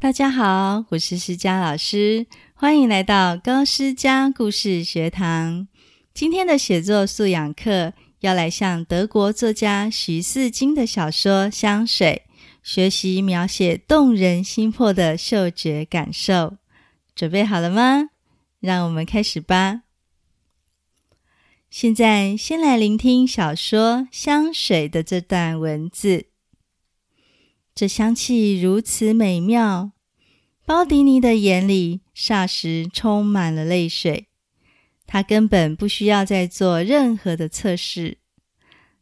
大家好，我是詩佳老師，歡迎來到高詩佳故事學堂。今天的寫作素養課要來向德國作家徐四金的小說《香水》學習描寫動人心魄的嗅覺感受，準備好了嗎？讓我們開始吧。現在先來聆聽小說《香水》的這段文字。這香氣如此美妙，包迪尼的眼裡霎時充滿了淚水。他根本不需要再做任何的測試，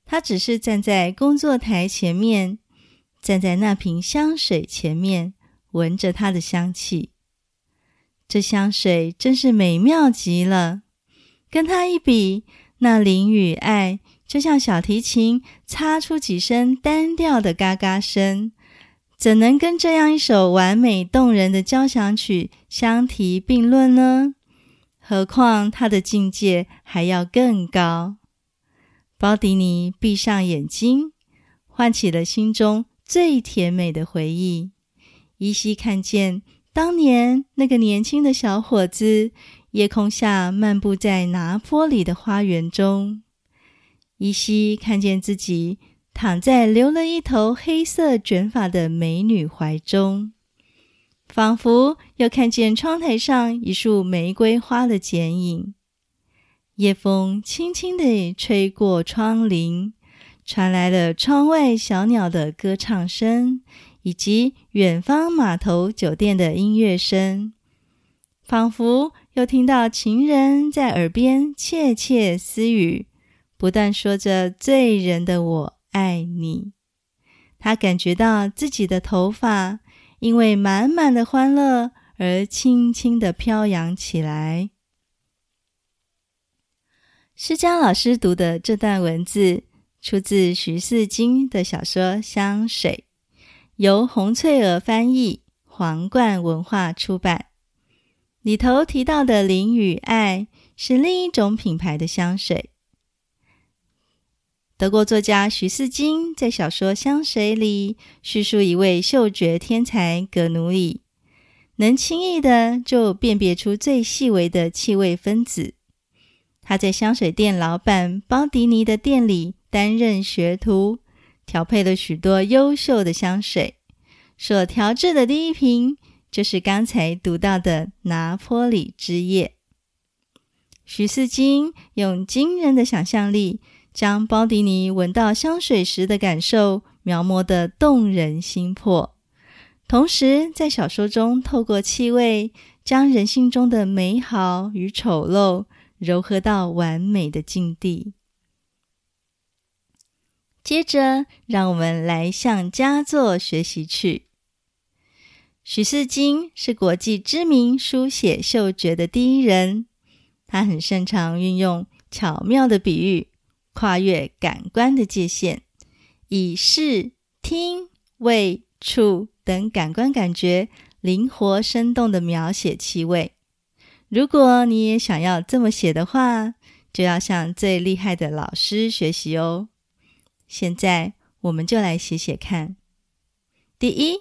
他只是站在工作台前面，站在那瓶香水前面，聞着它的香氣。這香水真是美妙極了，跟它一比，那淋雨愛就像小提琴擦出幾聲單調的嘎嘎聲。怎能跟這樣一首完美動人的交響曲相提並論呢？何況他的境界還要更高。包迪尼閉上眼睛，喚起了心中最甜美的回憶，依稀看見當年那個年輕的小伙子，夜空下漫步在拿坡里的花園中，依稀看見自己。躺在留了一頭黑色卷髮的美女懷中，仿佛又看見窗台上一束玫瑰花的剪影。夜風輕輕地吹過窗棂，傳來了窗外小鳥的歌唱聲，以及遠方碼頭酒店的音樂聲。仿佛又聽到情人在耳邊竊竊私語，不斷說着醉人的我，愛你，他感覺到自己的頭髮因為滿滿的歡樂而輕輕的飄揚起來。詩佳老師讀的這段文字出自徐四金的小說《香水》，由洪翠娥翻譯，皇冠文化出版。裡頭提到的“淋雨愛”是另一種品牌的香水。德國作家徐四金在小說《香水》裡敘述一位嗅覺天才葛奴里，能輕易地就辨別出最細微的氣味分子。他在香水店老板包迪尼的店裡擔任學徒，調配了許多優秀的香水。所調制的第一瓶就是剛才讀到的拿坡里之夜。徐四金用驚人的想象力。將包迪尼聞到香水時的感受描摹的動人心魄，同時在小說中透過氣味將人性中的美好與醜陋糅合到完美的境地。接着，讓我們來向佳作學習去。徐四金是國際知名書寫嗅覺的第一人，他很擅長運用巧妙的比喻。跨越感官的界限，以視、聽、味、觸等感官感覺，靈活生動的描寫氣味。如果你也想要這麼寫的話，就要向最厲害的老師學習哦。現在我們就來寫寫看。第一，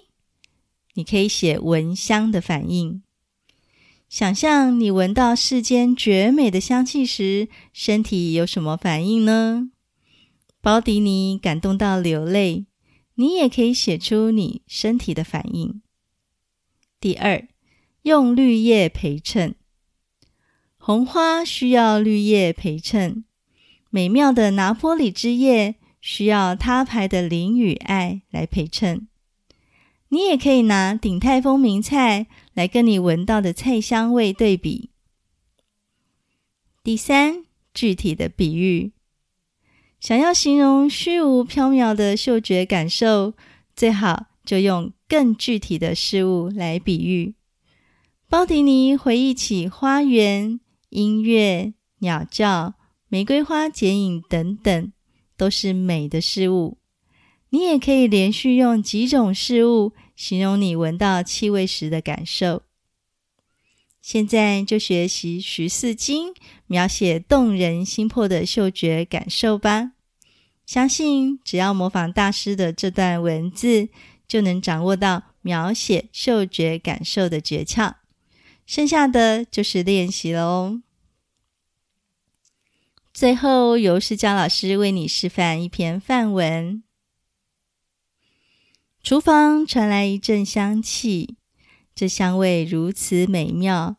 你可以寫聞香的反應。想象你聞到世間絕美的香氣時，身體有什麼反應呢？包迪尼感動到流淚，你也可以寫出你身體的反應。第二，用綠葉陪襯，紅花需要綠葉陪襯，美妙的拿坡里之夜需要他牌的靈與愛來陪襯，你也可以拿鼎泰豐名菜。來跟你聞到的菜香味對比。第三，具體的比喻。想要形容虛無縹緲的嗅覺感受，最好就用更具體的事物來比喻。包迪尼回憶起花園、音樂、鳥叫、玫瑰花剪影等等，都是美的事物。你也可以連續用幾種事物。形容你聞到氣味時的感受。現在就學習徐四金描寫動人心魄的嗅覺感受吧。相信只要模仿大師的這段文字，就能掌握到描寫嗅覺感受的訣竅。剩下的就是練習嘍。最後，由詩佳老師為你示範一篇範文。廚房傳來一陣香氣，這香味如此美妙，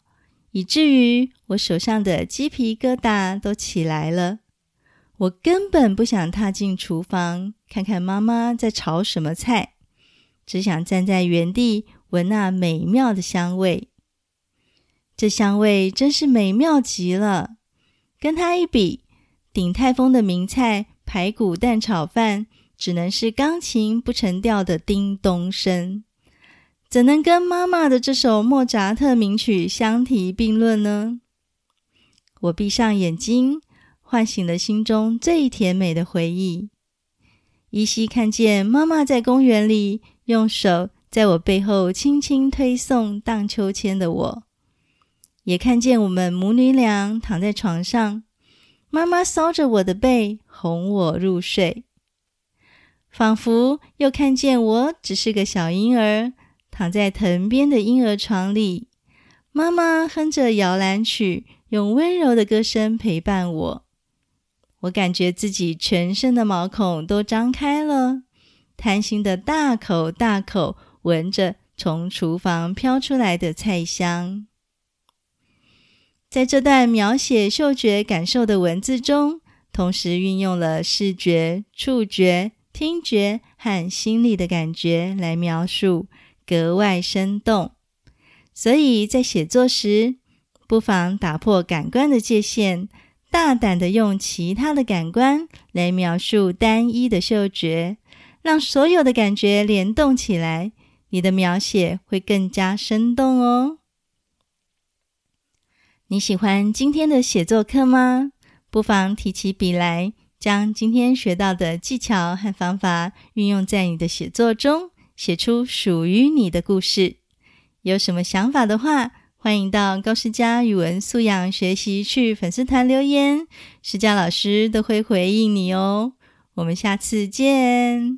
以至於我手上的雞皮疙瘩都起來了。我根本不想踏進廚房，看看媽媽在炒什麼菜，只想站在原地聞那美妙的香味。這香味真是美妙極了，跟他一比，鼎泰豐的名菜排骨蛋炒飯。只能是鋼琴不成調的叮咚聲，怎能跟媽媽的這首莫扎特名曲相提並論呢？我閉上眼睛，喚醒了心中最甜美的回憶。依稀看見媽媽在公園裡，用手在我背後輕輕推送盪秋千的我，也看見我們母女倆躺在床上，媽媽搔着我的背，哄我入睡。仿佛又看見我只是個小嬰兒，躺在藤邊的嬰兒床裡，媽媽哼着搖籃曲，用溫柔的歌聲陪伴我。我感覺自己全身的毛孔都張開了，貪心的大口大口聞着從廚房飄出來的菜香。在這段描寫嗅覺感受的文字中，同時運用了視覺、觸覺。聽覺和心理的感覺來描述，格外生動。所以在寫作時，不妨打破感官的界限，大膽的用其他的感官來描述單一的嗅覺，讓所有的感覺聯動起來，你的描寫會更加生動哦。你喜歡今天的寫作課嗎？不妨提起筆來。將今天學到的技巧和方法運用在你的寫作中，寫出屬於你的故事。有什麼想法的話，歡迎到高詩佳語文素養學習區粉絲團留言，詩佳老師都會回應你哦。我們下次見。